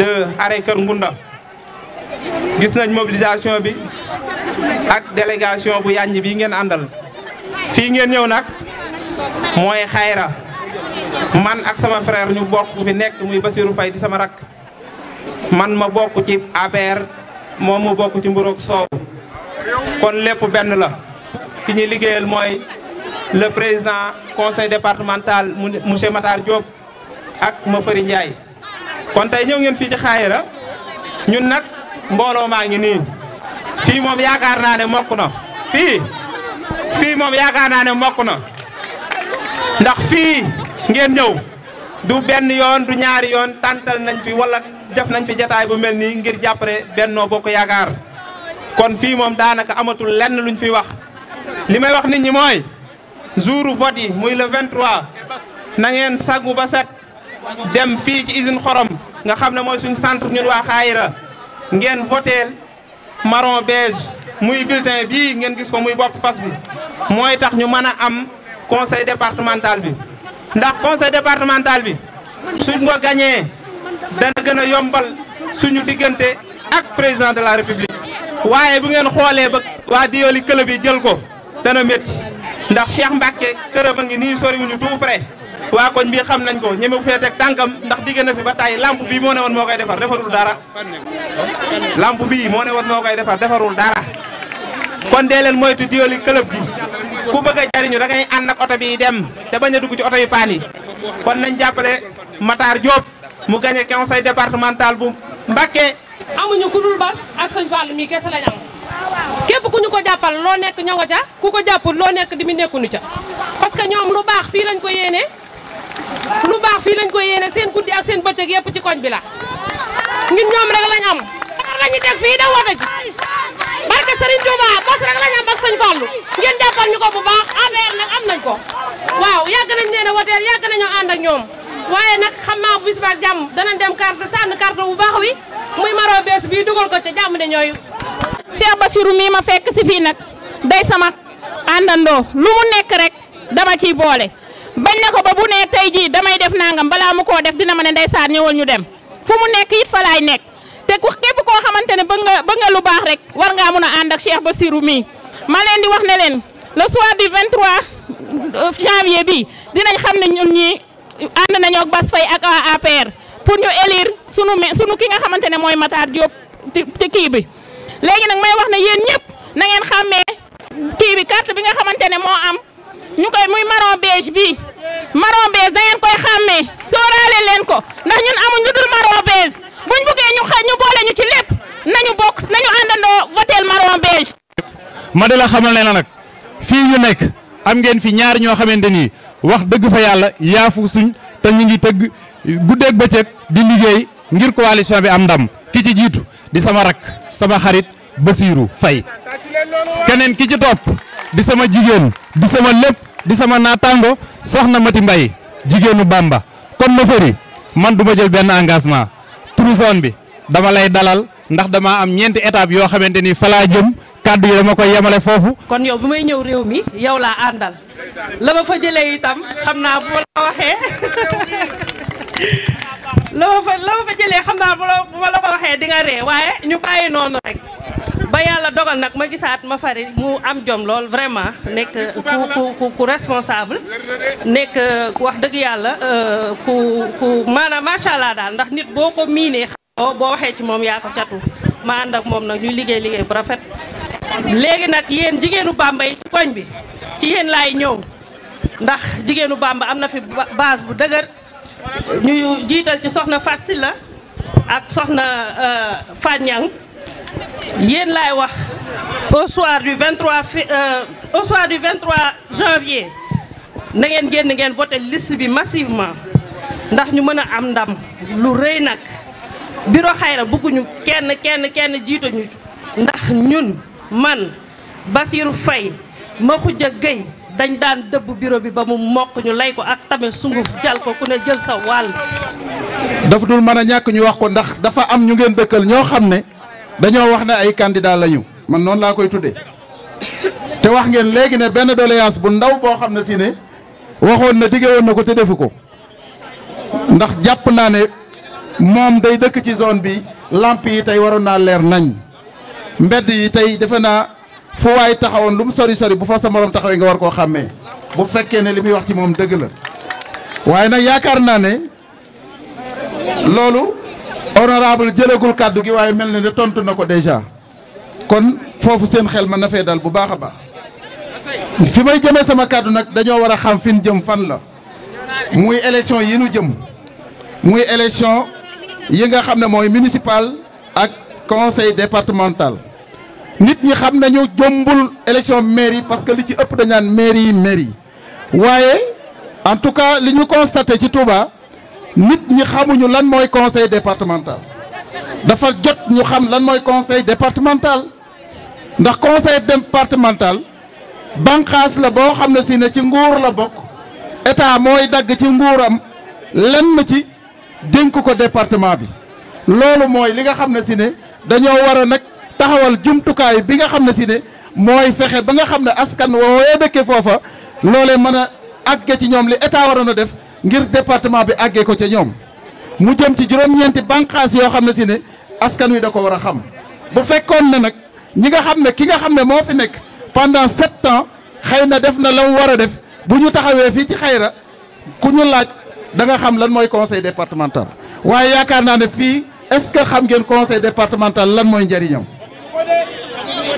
de arrêt Kër Ngunda gis nañ mobilisation bi ak délégation bu yàññ bi ngeen àndal fii ngeen ñëw nag mooy xayra man ak sama frère ñu bokk fi nekk muy Basirou Faye di sama rakk man ma bokk ci APR moom mu bokk ci mburoog soow kon lépp benn la ki ñuy liggéeyal mooy le président conseil départemental monsieur Matar Diop ak ma Fari Ndiaye kon tey ñëw ngeen fii ci xaayira ñun nag mbooloo maa ngi nii fii moom yaakaar naa ne mokk na fii fii moom yaakaar naa ne mokk na ndax fii ngeen ñëw du benn yoon du ñaari yoon tàntal nañ fi wala def nañ fi jataay bu mel nii ngir jàppale Benno Bokk Yaakaar kon fii moom daanaka amatul lenn luñ fi wax li may wax nit ñi mooy jour vote yi muy le 23 na ba set dem fii ci usine xorom nga xam ne mooy suñ centre ñun waa Xaayira ngeen voteel maron beige muy bulletin bii ngeen gis ko muy bopp fas bi mooy tax ñu mën a am conseil départemental bi ndax conseil départemental bi suñ ko gañee dana gën a yombal suñu diggante ak président de la république waaye bu ngeen xoolee ba waa Diyoli club yi jël ko dana métti ndax Cheikh Mbacke këram a ngi nii ñu tout près waa koñ bi xam nañ ko ñemewu fee teg tànkam ndax digg na fi ba tàyyi lamp bii moo ne woon moo koy defar defarul dara lamp bii moo ne woon moo koy defar defarul dara kon dee leen moytu diwli club bi ku bëgg a jariñu da ngay ànd ak oto bi dem te bañ a dugg ci oto yu paan kon nañ jàppale Matar Diop mu gagné conseil départemental bu Mbacké amuñu ku dul bas ak sëñ Fall mii kese lañ am ku ko jàppal loo nekk ña nga ca ku ko jàppul loo nekk di mu ca parce que ñoom lu baax lu baax fii lañ ko yéene seen guddi ak seen bëccëg yëpp ci koñ bi la ñun ñoom rek lañ am xar lañu teg fii da woote ji barke Serigne Touba bas rek lañ am ak Serigne Fallou ngeen jàppal ñu ko bu baax APR nag am nañ ko waaw yàgg nañ leen a woteel yàgg nañoo ànd ak ñoom waaye nag xam naa bis ba jàmm danañ dem carte tànn carte bu baax wi muy maro bii dugal ko ca jàmm ne ñooyu Cheikh Bassirou mii ma fekk si fii nag day sama àndandoo lu mu nekk rek dama ciy boole bañ na tey jii damay def nangam balaa mu koo def dina ma ne ndeysaan ñëwal ñu dem fu mu nekk it fa laay nekk te ku képp koo xamante ne bëgg nga bëgg lu baax rek war ngaa mun a ànd ak ba Bassirou mii ma leen di wax ne leen le soir du 23 euh, janvier bi dina xam ne ñun ñii ànd nañoo ak Bass Faye ak waa APR pour ñu élire sunu ki nga xamante ne mooy Matar Diop ci kii bi léegi nag may wax ne yéen ñëpp na ngeen xàmmee kii bi bi nga xamante ne moo am ñu koy muy marron beige bi marron beige da ngeen koy xàmmee sóoraale leen ko ndax ñun amuñ dul marron beige buggee ñu boole ñu ci lépp nañu bokk nañu àndandoo votel marron ma di la xamal ne la nag fii ñu nekk am ngeen fi ñaar ñoo xamante ni wax dëgg fa yàlla yaafu suñ te ñu ngi tëgg guddeeg bëccëg di liggéey ngir coalition bi am ndam ki ci jiitu di sama rakk sama xarit Basirou Faye keneen ki ci topp di sama jigéen di sama lépp. di sama naa naataango soxna Mati mbay jigéenu bàmba kon ma fëri man duma jël benn engagement turu bi dama lay dalal ndax dama am ñeenti étape yoo xamante ni falaa jëm kàddu yi dama koy yemale foofu. kon yow bu may ñëw réew mi yow laa àndal la fa jëlee itam xam naa bu la waxee. la ma fa la ma fa jëlee xam naa bu la bu ma la ko waxee di nga ree waaye ñu bàyyi noonu rek ba yàlla dogal nag ma gisaat ma fari mu am jom lool vraiment nekk ku ku responsable nekk ku wax dëgg yàlla euh, ku ku maanaam macha allah daal ndax nit boo ko miinee xam boo waxee ci moom yaa ko catu ma ànd ak moom nag ñu liggéey liggéey bu rafet. léegi nag yéen jigéenu Bamba yi ci koñ bi ci yéen laay ñëw ndax jigéenu Bamba am na fi base bu dëgër. ñu jiital ci soxna Fatou la ak soxna euh, Fatou Niang yéen laay wax au soir du 23 fi euh, au soir du 23 janvier na ngeen génn ngeen voté list bi massivement ndax ñu mën a am ndam lu rëy nag bureau xayra bëgguñu kenn kenn kenn jiituñu ndax ñun man Bassirou Faye Makhoudia Gueye dañ daan dëbb bureau bi ba mu mokk ñu lay ko ak tamit sunguf jal ko ku ne jël sa wàll. dafa dul mën a ñàkk ñu wax ko ndax dafa am ñu ngeen dëkkal ñoo xam ne dañoo wax ne ay candidat lañu man noonu laa koy tudde te wax ngeen léegi ne benn doléance bu ndaw boo xam ne si ne waxoon na dige woon na ko te defu ko ndax jàpp naa ne moom day dëkk ci zone bi làmp yi tey waroon naa leer nañ mbedd yi tey defe naa. fu waay taxawoon lu mu sori sori bu fa sa morom taxawee nga war koo xàmmee bu fekkee ne li muy wax ci moom dëgg la waaye nag yaakaar naa ne loolu honorable jëlagul kàddu gi waaye mel na ne tontu na ko déjà kon foofu seen xel mën na fee dal bu baax a baax fi may jëmee sama kàddu nag dañoo war a xam fi ñu jëm fan la muy élection yi nu jëm muy élection yi nga xam ne mooy municipal ak conseil départemental nit ñi xam nañu jombul élection mairie parce que li ci ëpp dañ naan yi mairie yi waaye en tout cas li ñu constaté ci Touba nit ñi xamuñu lan mooy conseil départemental dafa jot ñu xam lan mooy conseil départemental ndax conseil départemental banqaas la boo xam ne si ne ci nguur la bokk état mooy dagg ci nguuram lenn ci dénk ko département bi loolu mooy li nga xam ne si ne dañoo war nag taxawal jumtukaay bi nga xam ne si ne mooy fexe ba nga xam ne askan woowee dëkke foofa loolee mën a àgge ci ñoom li état waroon a def ngir département bi àggee ko ca ñoom mu jëm ci juróom-ñeenti bànqaas yoo xam ne si ne askan wi da ko war a xam bu fekkoon ne nag ñi nga xam ne ki nga xam ne moo fi nekk pendant sept ans xëy na def na la mu war a def bu ñu taxawee fii ci xayra ku ñu laaj da nga xam lan mooy conseil départemental waaye yaakaar naa ne fii est-ce que xam ngeen conseil départemental lan mooy njëriñam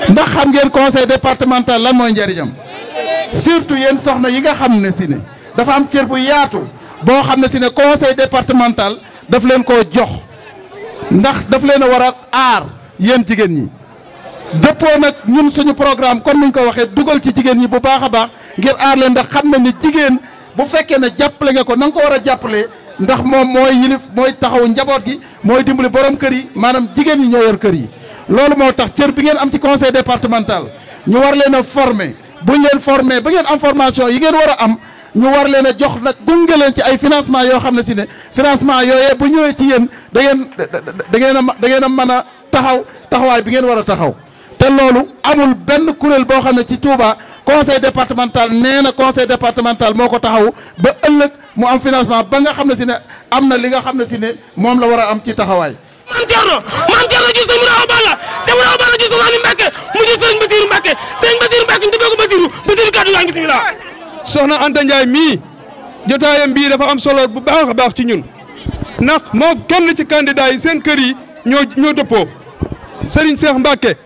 ndax xam ngeen conseil départemental lan mooy njariñam surtout yéen soxna yi nga xam ne si ne dafa am cër bu yaatu boo xam ne si ne conseil départemental daf leen ko jox ndax daf leen a war a aar yéen jigéen ñi. dëppoo nag ñun suñu programme comme niñ ko waxee dugal ci jigéen ñi bu baax a baax ngir aar leen ndax xam nañ ne jigéen bu fekkee ne jàppale nga ko na nga ko war a jàppale ndax moom mooy yilif mooy taxaw njaboot gi mooy dimbali borom kër yi maanaam jigéen ñi ñoo yor kër yi. loolu moo tax cër bi ngeen am ci conseil départemental ñu war leen a former bu ñu leen former ba ngeen am formation yi ngeen war a am ñu war leen a jox nag gunge leen ci ay financement yoo xam ne si ne financement yooyee bu ñëwee ci yéen da ngeen da ngeen a da a mën a taxaw taxawaay bi ngeen war a taxaw te loolu amul benn kuréel boo xam ne ci Touba conseil départemental nee na conseil départemental moo ko taxaw ba ëllëg mu am financement ba nga xam ne si ne am na li nga xam ne si ne moom la war a am ci taxawaay. soxna Anta Ndiaye mii jotaayam bii dafa am solo bu baax a baax ci ñun ndax moo kenn ci candidat yi seen kër yi ñoo ñoo dëppoo Serigne Cheikh Mbacke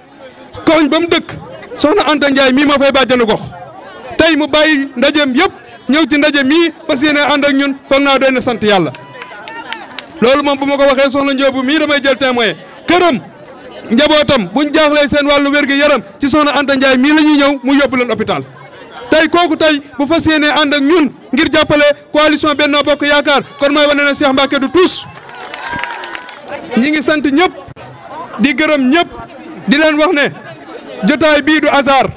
koñ ba mu dëkk soxna Anta Ndiaye mii moo fay bàjjenu gox tey mu bàyyi ndajeem yëpp ñëw ci ndaje mii fas yéene ànd ak ñun foog naa doy na sant yàlla. loolu moom bu ma ko waxee soxna Ndiob mii damay jël témoin këram njabootam buñ jaaxlee seen wàllu wér-gi-yaram ci soxna Anta Ndiaye mii la ñuy ñëw mu yóbbu leen hôpital. tey kooku tey bu fas yéenee ànd ak ñun ngir jàppale coalition Benno Bokk Yaakaar kon mooy wane na Cheikh Mbacke du tous ñi ngi sant ñëpp di gërëm ñëpp di leen wax ne jotaay bii du hasard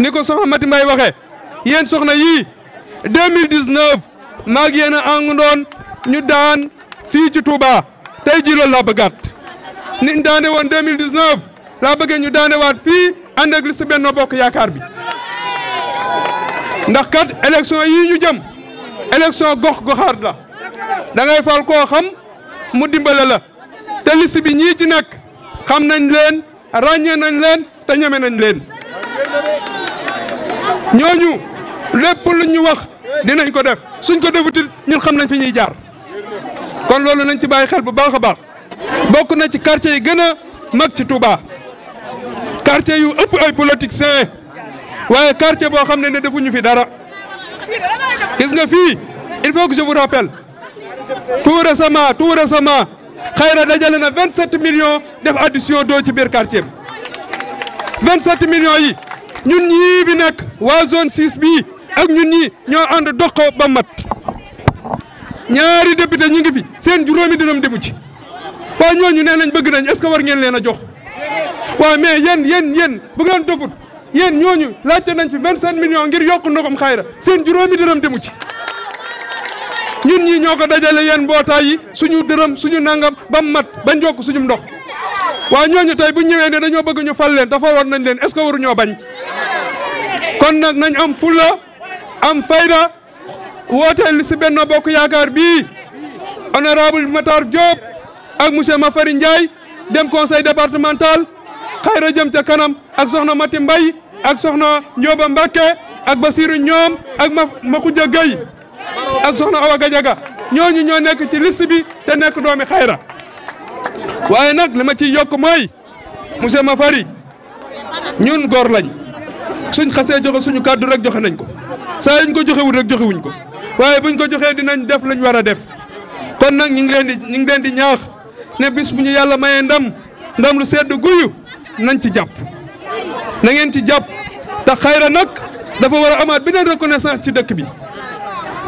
ni ko soxna Mati Mbaye waxee yéen soxna yii 2019 maa ngi yéen a àndoon ñu daan fii ci Touba tey jii loolu laa bëggaat ni daane woon 2019 laa bëggee ñu daanewaat fii ànd ak liste Benno Bokk Yaakaar bi. ndax kat élection yii ñu jëm élection gox goxaat la da ngay fal koo xam mu dimbale la te liste bi ñii ci nekk xam nañ leen ràññee nañ leen te ñeme nañ leen ñooñu lépp lu ñu wax dinañ ko def suñ ko defutit ñun xam nañ fi ñuy jaar kon loolu nañ ci bàyyi xel bu baax a baax bokk na ci quartier yi gën a mag ci Touba quartier yu ëpp ay politiciens waaye quartier boo xam ne ne defuñu fi dara gis nga fi il faut que je vous rappelle tout récemment tout récemment xayra dajale na 27 million def addition doo ci biir quartier bi 27 millions yi ñun ñii bi nekk waa zone 6 bii ak ñun ñi ñoo ànd dox ko ba mat ñaari député ñu ngi fi seen juróomi di demu ci waa ñooñu nee nañ bëgg nañ est-ce war ngeen leen a jox waaw mais yéen yéen yéen bu ngeen dofut yéen ñooñu laajte nañ fi 25 millions ngir yokk ndogam xayra seen juróomi dërëm demu ci. ñun ñii ñoo ko dajale yéen mbootaay yi suñu dërëm suñu nangam ba mu mat ba njokk suñu ndox waa ñooñu tey bu ñëwee ne dañoo bëgg ñu fal leen dafa war nañ leen est-ce que waruñoo bañ. kon nag nañ am fulla am fayda wooteel si benn bokk yaakaar bii honorable Matar Diop ak monsieur Mafari Ndiaye dem conseil départemental xayra jëm ca kanam ak soxna Mati Mbaye ak soxna Ndioba Mbacke ak Basirou ñoom ak ma Makhoudia Gueye ak soxna Awa Gadiaga ñooñu ñoo nekk ci liste bi te nekk doomi xayra waaye nag li ma ciy yokk mooy monsieur Mafari ñun góor lañ suñ xasee joxe suñu kàddu rek joxe nañ ko saa yuñ ko joxewul joxewuñ ko waaye buñ ko joxee dinañ def lañ war a def kon nag ñu ngi leen di ñu ngi leen di ñaax ne bis bu ñu yàlla mayee ndam ndam lu sedd guyu nañ ci jàpp na ngeen ci jàpp ndax xayra nag dafa war a amaat beneen reconnaissance ci dëkk bi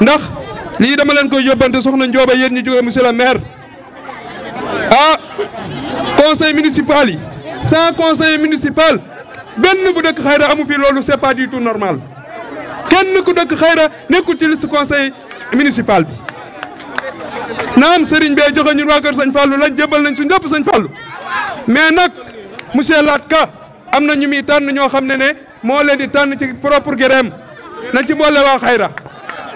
ndax lii dama leen koy yóbbante soxna Ndioba yéen ñi jóge monsieur le maire ah conseil municipal yi sans conseil municipal benn bu dëkk xayra amu fi loolu c'est pas du tout normal kenn ku dëkk xayra nekku ci liste conseil municipal bi naam Serigne bee joxe ñun waa kër Sëñ Fallou lañ jébbal nañ suñ lépp Sëñ Fallou mais nag monsieur Latka am na ñu muy tànn ñoo xam ne ne moo leen di tànn ci propre gërëm nañ ci boole waa xayra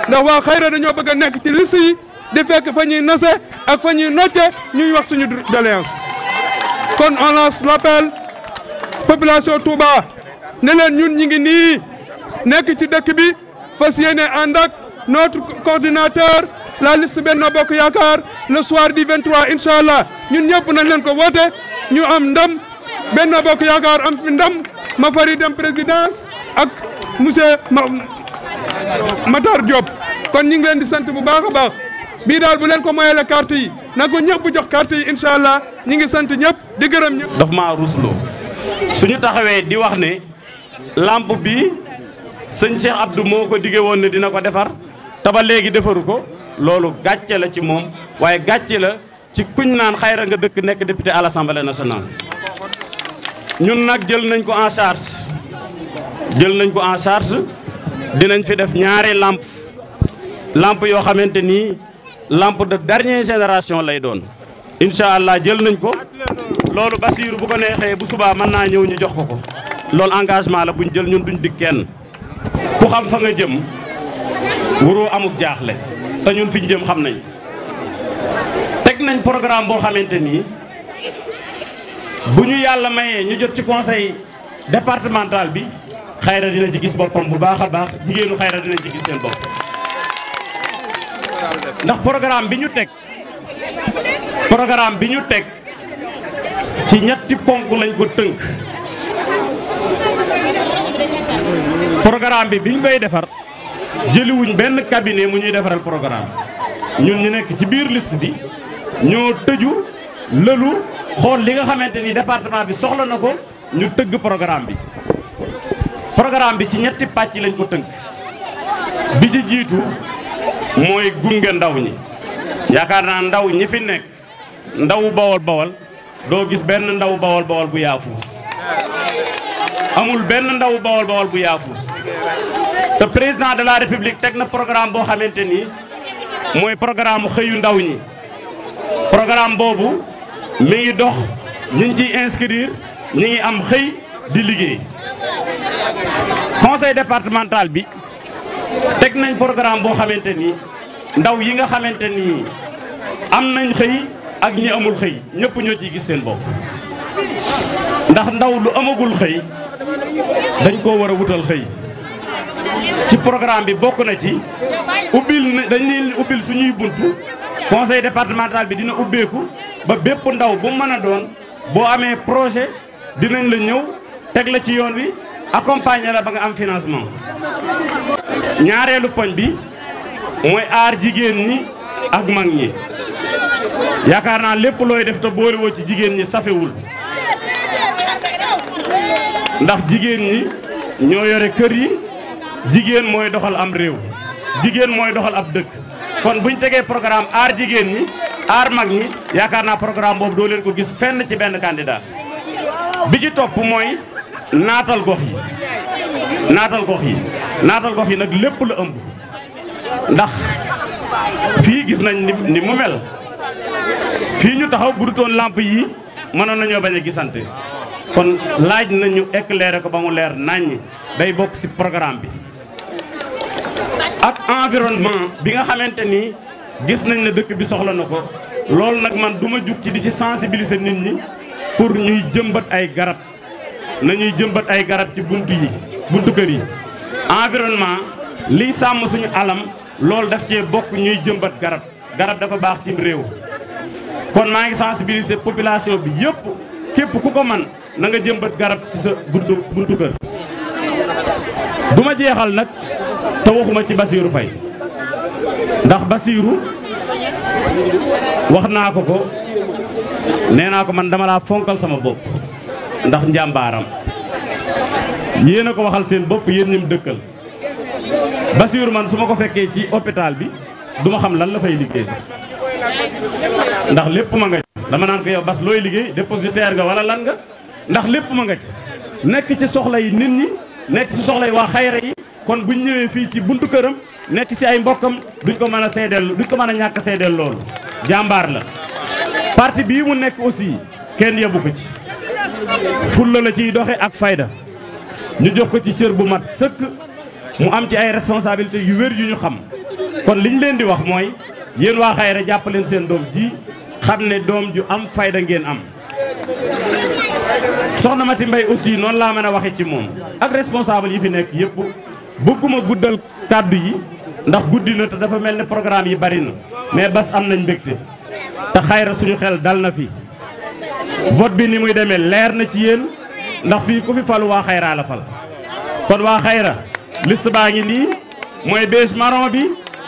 ndax waa xayra dañoo bëgg a nekk ci liste yi di fekk fa ñuy nase ak fa ñuy nocce ñuy wax suñu doléance kon on lance l'appel population Touba ne leen ñun ñi ngi nii nekk ci dëkk bi fas yéene ànd ak notre coordinateur la liste Benno Bokk Yaakaar le soir du 23 incha allah ñun ñëpp nañ leen ko woote ñu am ndam. Benno Bokk Yaakaar am fi ndam ma fari dem présidence ak monsieur Matar Diop kon ñu leen di sant bu baax a baax bii daal bu leen ko moyale carte yi na ko ñëpp jox carte yi incha allah ñu ngi sant ñëpp di gërëm ñëpp. ma maa su ñu taxawee di wax ne lampe bi sëñ Cheikh Abdou moo ko diggee woon ne dina ko defar te ba léegi defaru ko loolu gàcce la ci moom waaye gàcce la ci kuñ naan xayra nga dëkk nekk député à l'Assemblée nationale. ñun nag jël nañ ko en charge jël nañ ko en charge dinañ fi def ñaari làmp làmp yoo xamante ni lampe de darnier génération lay doon incha allah jël nañ ko loolu Basiiru bu ko neexee bu subaa mën naa ñëw ñu jox ko ko loolu engagement la buñ jël ñun duñ dig kenn ku xam fa nga jëm waroo amuk jaaxle te ñun fi jëm xam nañ teg nañ programme boo xamante ni. bu ñu yàlla mayee ñu jot ci conseil départemental bi xayra dina ci gis boppam bu baax a baax jigéenu xayra dina ci gis seen bopp ndax programme bi ñu teg programme bi ñu teg ci ñetti ponk lañ ko tënk programme bi biñ koy defar jëliwuñ benn cabinet mu ñuy defaral programme ñun ñu nekk ci biir liste bi ñoo tëju lëlu xool li nga xamante nii département bi soxla na ko ñu tëgg programme bi programme bi ci ñetti pàcc lañ ko tënk bi ci jiitu mooy gunge ndaw ñi yaakaar naa ndaw ñi fi nekk ndaw bawol bawol doo gis benn ndaw bawol bawol bu yaafuus amul benn ndaw bawol bawol bu yaafuus te président de la république teg na programme boo xamante ni mooy programme xëyu ndaw ñi programme boobu mi ngi dox ñu ngi ciy inscrire ñu ngi am xëy di liggéey conseil départemental bi teg nañ programme boo xamante ni ndaw yi nga xamante ni am nañ xëy ak ñi amul xëy ñëpp ñoo ciy gis seen bopp ndax ndaw lu amagul xëy dañ koo war a wutal xëy ci programme bi bokk na ci ubbil dañ leen ubbil suñuy bunt conseil départemental bi dina ubbeeku ba bépp ndaw bu mën a doon boo amee projet dinañ la ñëw teg la ci yoon wi accompagner la ba nga am financement. ñaareelu poñ bi mooy aar jigéen ñi ak mag ñi yaakaar naa lépp looy def te boolewoo ci jigéen ñi safewul ndax jigéen ñi ñoo yore kër yi jigéen mooy doxal am réew jigéen mooy doxal ab dëkk. kon buñ tegee programme aar jigéen ñi aar mag ñi yaakaar naa programme boobu doo leen ko gis fenn ci benn candidat bi ci topp mooy naatal gox yi naatal gox yi naatal gox yi nag lépp la ëmb ndax fii gis nañ ni ni mu mel fii ñu taxaw budutoon làmp yi mënoon nañoo bañ a gisante kon laaj nañu éclairer ko ba mu leer naññi day bokk ci programme bi ak environnement bi nga xamante ni gis nañ ne dëkk bi soxla na ko loolu nag man duma ma jug ci di ci sensibilise nit ñi pour ñuy jëmbat ay garab nañuy jëmbat ay garab ci buntu yi buntu kër yi environnement liy sàmm suñu alam loolu daf cee bokk ñuy jëmbat garab garab dafa baax ci réew kon naa ngi sensibiliser population bi yëpp képp ku ko man na nga jëmbat garab ci sa buntu buntu kër duma jeexal nag te waxuma ci Basiiru Fay ndax Basiiru wax naa ko ko nee naa ko man dama laa fonkal sama bopp ndax njàmbaaram yéen a ko waxal seen bopp yéen ñim dëkkal Basiiru man su ma ko fekkee ci hôpital bi duma xam lan la fay liggéey ndax lépp ma nga ci dama naan ko yow bas looy liggéey dépositaire nga wala lan nga ndax lépp ma nga ci nekk ci soxla yi nit ñi nekk ci soxla yi waa xayra yi kon buñ ñëwee fii ci buntu këram nekk ci ay mbokkam duñ ko mën a seedeel duñ ko mën a ñàkk a seedeel loolu jàmbaar la parti bii mu nekk aussi kenn yóbbu ko ci fulla la ciy doxe ak fayda ñu jox ko ci cër bu mat sëkk mu am ci ay responsabilité yu wér yu ñu xam kon liñ leen di wax mooy yéen waa Xayra jàppaleen seen doom ji xam ne doom ju am fayda ngeen am soxna Mati Mbay aussi noonu laa mën a waxe ci moom ak responsable yi fi nekk yëpp bëgguma guddal kàddu yi ndax guddi na te dafa mel ni programme yi bari na mais bas am nañ mbégte te xayra suñu xel dal na fi vote bi ni muy demee leer na ci yéen ndax fii ku fi falu waa xayraa la fal kon waa xayra liste baa ngi nii mooy beige marron bi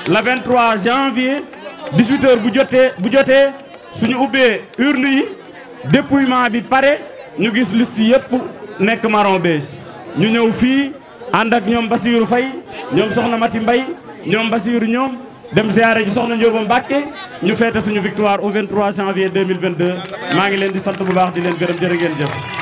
la 23 janvier 18h bu jotee bu jotee suñu ubbee urne yi dépouillement bi pare ñu gis liste yëpp nekk marron beige ñu ñëw fii ànd ak ñoom Basiirou fay ñoom soxna Mati Mbaye ñoom Basiirou ñoom dem ziare ji soxna Ndiobo Mbacke ñu feete suñu victoire au 23 janvier 2022 maa ngi leen di sant bu baax di leen gërëm jërë ngeen jëf.